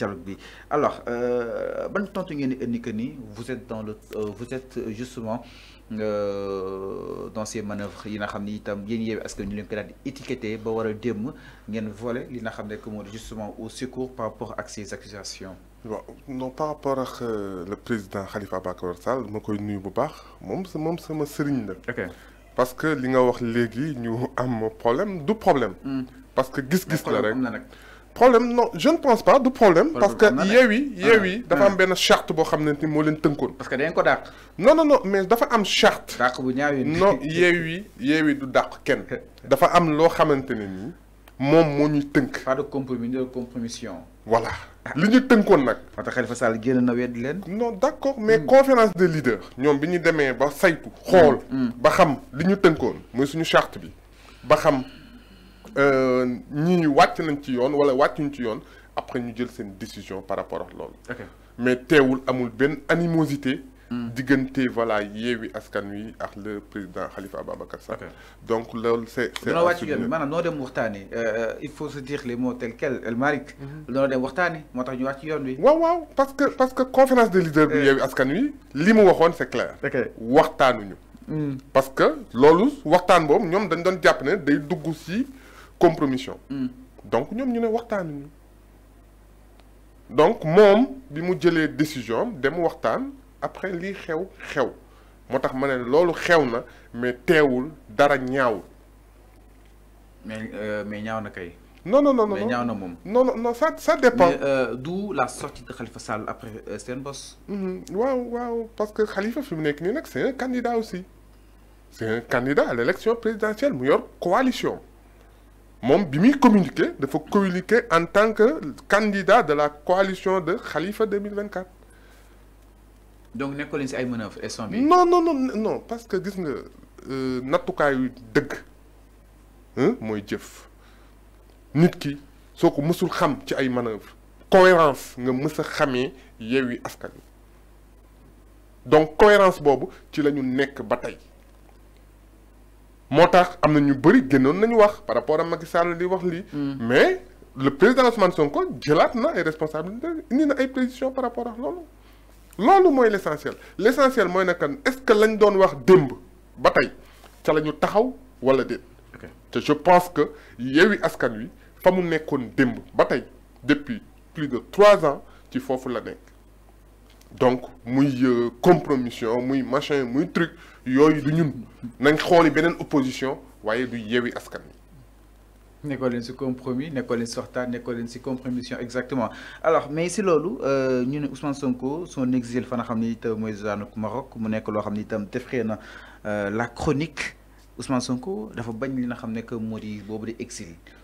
dialogue bi alors euh, ban tontu ngeen ni vous êtes dans le euh, vous êtes justement euh, dans ces manœuvres yi n'a xam ni itam yéen Yewwi Askan le ko étiqueté ba war dem, démb voler volé li n'a xam que justement au secours par rapport à ces accusations waaw non par rapport le président Khalifa Ababacar Sall ma koy nuyu bu baax moom moom sama sëriñ Ok. parce que li nga wax léegi ñu am problème du problème. Hmm. parce que qu'est-ce gis la rek problème non je ne pense pas du problème. parce que Yewwi ah, Yewwi ah. dafa am ben charte bo xamné ni mo leen tënkoon. parce que dañ ko dàq. non non non mais dafa am charte. dàq bu ñaaw non Yewwi oui, du dàq ken dafa am lo xamante ni mom mo ñuy teunk pas de compromis de compromission. voilà li ñu tënkoon nag. moo Khalifa Sall génn na wedd leen. non d'accord, mais hmm. conférence de leaders. ñom biñu démé ba saytu. xol hmm. hmm. ba xam li ñu tënkoon mooy suñu charte bi ba xam ni euh, ñu wàcc nañ ci yoon wala wàccuñ ci yoon après ñu jël seen décision par rapport ak loolu. mais teewul amul benn animosité. Hmm. diggante voilà yeewi askan wi ak le président Khalifa Ababacar Sall. donc loolu c' est. c' est wàcc yoon bi maanaam noo dem waxtaanee euh, euh, il faut se dire les mots tels quels El Malick. Mhm. noo dem waxtaanee moo tax ñu wàcc yoon bi. waaw waaw parce que parce que conférence de leader bi yeewi askan wi li mu waxoon c' est clair. waxtaanuñu. Hmm. parce que loolu waxtaan boobu ñoom dañ doon jàpp ne day dugg si compromission hmm. donc nous, ñu ne Donc, donc moom bi mu la décision am dem waxtaan après li xew xew motax mané lolu ne xew na mais téwul dara ñaaw mais euh, mais ñaaw na kay. non non non non mais ñaaw na mom non non non ça ça dépend. mais euh, d'où la sortie de Khalifa Sall après euh, boss. hmm waaw waaw parce que Khalifa fi nek nekk nak c'est un candidat aussi c'est un candidat à l'élection présidentielle mu yor coalition moom bi muy communiqué dafa communiquer en tant que candidat de la coalition de Khalifa 2024. donc nekkoo leen si ay manœuvre instant bien. non non non non parce que gis nga euh, nattukaayu dëgg hein, jëf nit Nitki, soo ko mësul xam ci ay manœuvre cohérence nga mës a xamee Yewwi Askan donc cohérence Bobo, ci l'as eu nekk ba motax amna ñu bari génnoon nañu wax par rapport à Macky Sall li wax li mm. mais le président Ousmane Sonko jëlaat na ay responsabilités indi na ay position par rapport à lolu lolu moy l'essentiel l'essentiel moy nak est ce que lañ doon wax demb ba tay ci lañu taxaw wala dit te je pense que yewi Askan Wi famu mu demb ba tay depuis plus de 3 ans ci fofu la nekk donc muy euh, compromission muy machin muy truc yoy du ñun nañ xooli benen opposition waaye du yewi askan wi. nekkoon leen si compromis nekkoon leen si waxtaan compromission exactement alors mais si lolu euh, ñu ne Ousmane Sonko son exil fa na xamni te moy mooy zaanu Maroc mu nekk lo xamni tam itam euh, la chronique Ousmane Sonko dafa bañ li n'a xam que modi bobu boobu di exil.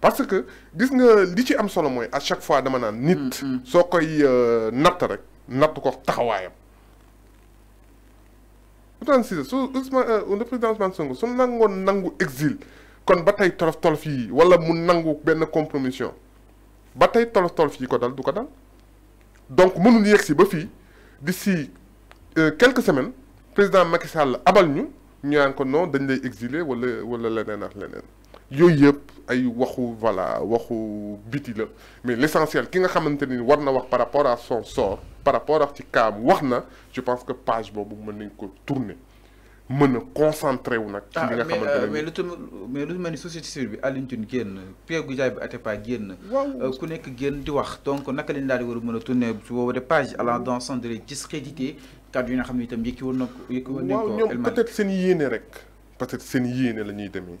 parce que dis nga li ci am solo moy, à chaque fois dama nan, nit mm, mm. soo koy euh, natt rek nat ko taxawayam. Ousmane Cissé su Ousmane euh, le président Ousmane Sonko son n'ango nangu exil kon batay tey tolof tolof yi wala mu nangu ben compromission batay tey tolof tolof yi ko dal du ko dal donc mounou yegg si ba fii d'ici euh, quelques semaines président Macky Sall abal ñu ñu naan ko non dañ lay exiler wala wala leneen leneen yooyu yëpp ay waxu voilà waxu biti la mais l'essentiel ki nga xamanteni ni war na wax par rapport à son sort par rapport à ci kaam wax je pense que page bobu meun nañ ko tourner meun a concentré wu nag. ci li nga ah, xamante euh, ne mais lu mais lu meuni société civile bi Alioune tune génn Pierre Goudiaby bi até Atepa génn. Euh, ku nekk génn di wax donc naka lañ daal di war a tourner su boobaa de page allant dans sens de discrédité kàddu yi nga xam ne itam yëkkiwoon na ko. yëkkiwoon nañ peut-être sen yéene rek peut-être sen yéene la ñuy demee.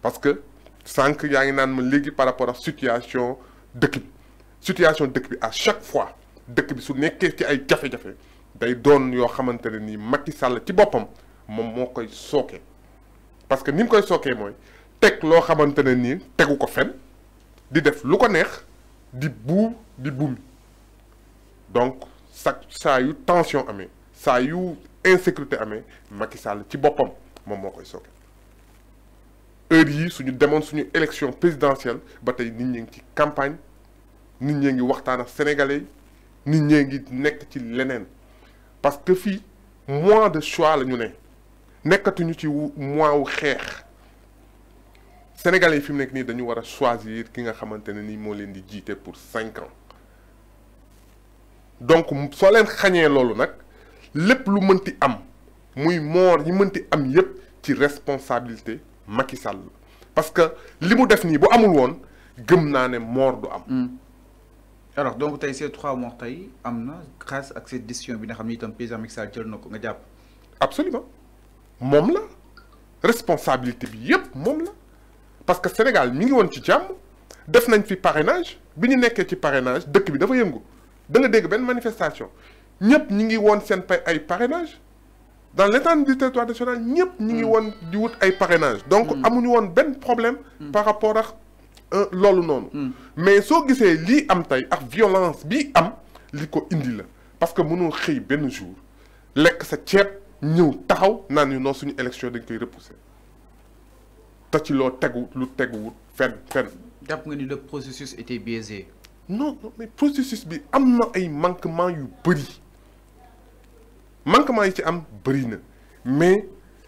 parce que sans yaa nan ma par rapport à situation de situation à chaque fois de bi su nekké ci ay jafé jafé day doon yo ni Macky Sall parce que ni koy sookee moy teg lo xamante ni nii ko di def di di donc sa eu tension insécurité amee Macky Sall ci boppam mom moo koy sooke heure yi suñu demoon suñu élection présidentielle batay tey nit ñi ngi ci campagne nit ñi ngi waxtana sénégalais nit ñi ngi nekk ci lenen parce que fi mois de choix la ñu nekatu ñu ci mois wu sénégalais fi mu ni dañu wara choisir ki nga xamante ni mo leen di jité pour cinq ans donc so leen xagné lolu nak lepp lu meunti am muy mort yi meunti am yépp ci responsabilité Macky Sall parce que li def ni bu amul won gëm naa ne moor du am. Hmm. alors donc tay ces trois morts tay amna grâce ak cette décision bi nga xam ni itam président Macky Sall jël na nga japp absolument mom la responsabilité bi yépp mom la parce que Sénégal mi ngi won ci jamm def nañ fi parrainage biñu ñu ci parrainage dëkk bi dafa yëngu da nga dégg ben manifestation ñëpp ñi ngi won sen pay ay parrainage dans l'étendue du territoire national ñëpp ñi ngi mm. won di wut ay parrainage donc mm. amuñu won ben problème mm. par rapport à euh, lolu non mais so gisee li am tay ak violence bi am li ko indi la parce que mënoo xey ben jour lekk sa ceeb ñëw taxaw naan ñu non suñu élection dañ koy repousser te ci lo tegu lu teguwut fenn fenn jàpp nga ni le processus était biaisé non non mais processus bi am na ay manquement yu bëri manquement yi ci am bëri mais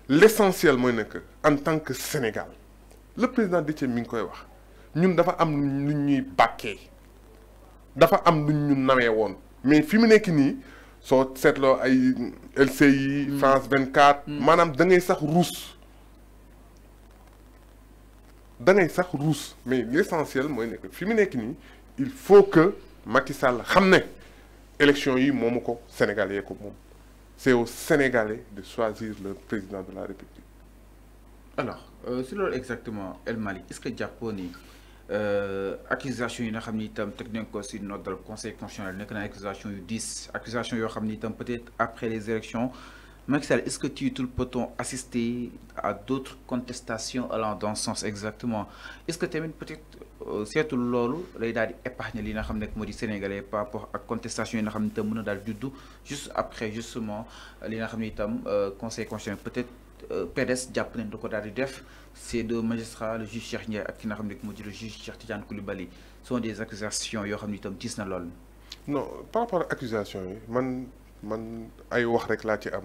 l'essentiel essentiel mooy en tant que Sénégal le président Déthié mi Nous koy wax ñun dafa am lu ñuy bàkkee dafa am lu ñu namé won mais fi mu nekk nii soo ay LCI mm. France 24 mm. manam da ngay sax ruus da ngay sax ruus mais l'essentiel moy nek fi mu il faut que Macky Sall xam élection yi moomu Sénégalais ko mom c'est aux Sénégalais de choisir le président de la République. alors c'est euh, exactement El Mali, est-ce que japonais Euh, accusation yi nga xam ni itam nañ ko conseil constitutionnel nekk na accusation yu accusations accusation yoo xam peut-être après les élections Maxel est-ce que tu tout le on assister à d'autres contestations allant dans ce sens exactement est-ce que tu es peut-être euh, seetul loolu lay daal di épargner li nga xam ne sénégalais par rapport ak contestation yi nga xam ne itam mën juste après justement li nga xam euh, conseil constitutionnel peut-être euh, PDS jàpp nañ da ko daal di def deux magistrats le juge Cheikh qui ak ki nga xam le juge Cheikh Tidiane Coulibaly sont des accusations yoo xam ne itam gis na non par rapport ak accusation man man ay wax rek laa ci am.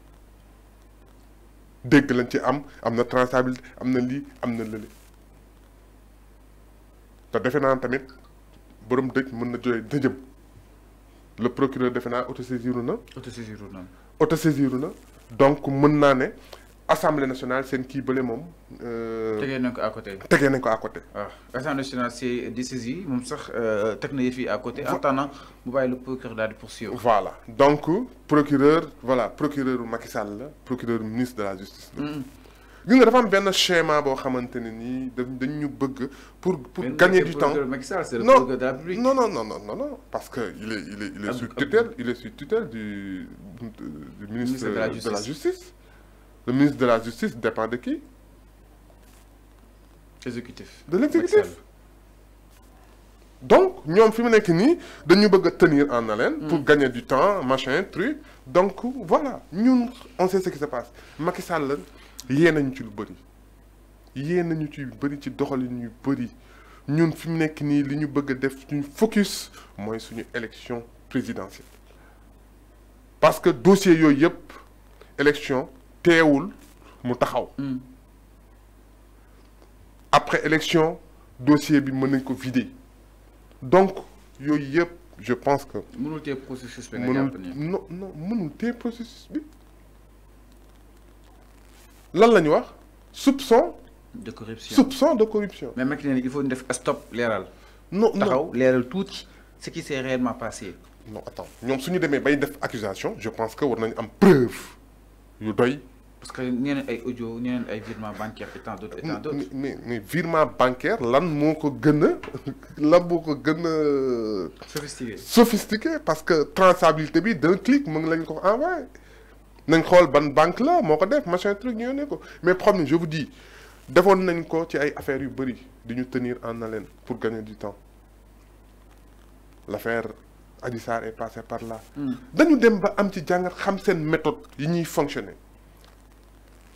dégg lañ ci am am na traçabilité am na lii am na lële te defe naa tamit borom dëj mën na jooy dëjëm le procureur defe naa autosaisiru na autosaisiru na autosaisiru na donc mën naa ne assemblée nationale c'est une qui moom. Euh, tegee à côté. L'Assemblée à côté. Ah, assemblée nationale c'est décisif moom sax euh, à côté. en attendant mu le procureur de la poursuivre. voilà donc procureur voilà procureur Macky Sall procureur ministre de la justice. Nous mm-hmm. avons dafa am schéma pour xamante ne nii pour pour gagner du temps non non non non non non parce que il est il est il est sous tutelle il est sous tutelle du ministre de la justice. Le ministre de la Justice dépend de qui Exécutif. De l'exécutif. Donc, nous avons de tenir en haleine mm. pour gagner du temps, machin, truc. Donc, voilà, nous, on sait ce qui se passe. Macky Sall, il y a un body. Il y a un body qui body. Nous, fi mu nekk nous, li ñu bëgg def suñu focus sur suñu élection présidentielle parce que dossier yo yëpp élection téwul mu taxaw. Hmm. après élection dossier bi vidé. donc je pense que. mënul té processus bi nga non non processus bi lan la noire, wax soupçon. de corruption soupçon de corruption. mais mec, il faut def stop l'éral. non non taxaw leeral tout ce qui s'est réellement passé. non attends Nous suñu démé bay def accusation je pense que war nañ am preuve yu doy parce que ni ay audio ni ay virement bancaire et tant d'autres et d'autres mais mais virement bancaire lan moko ko gën lan moo ko gën sophistiqué sophistiqué parce que traçabilité bi d'un clic mon lañ ko envoyé. Ah nañ xool ban banque la moko def machin truc ñu yónnee mais problème je vous dis devant nañ ko ci ay affaires yu bëri di tenir en haleine pour gagner du temps l'affaire Adissar est passée par là. Hmm. dañu dem ba am ci jàngat xam seen méthode yi ñuy fonctionner.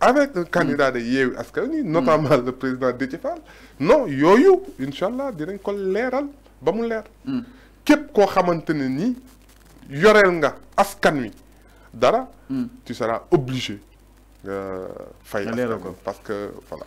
avec un mm. candidat de Yewwi askani mm. notamment le président Déthié non yoyou, Inch'Allah, dire qu'on l'air, leeral ba mu leer mm. képp koo xamante ne nii yoreel nga askan dara tu seras obligé de euh, faire parce que voilà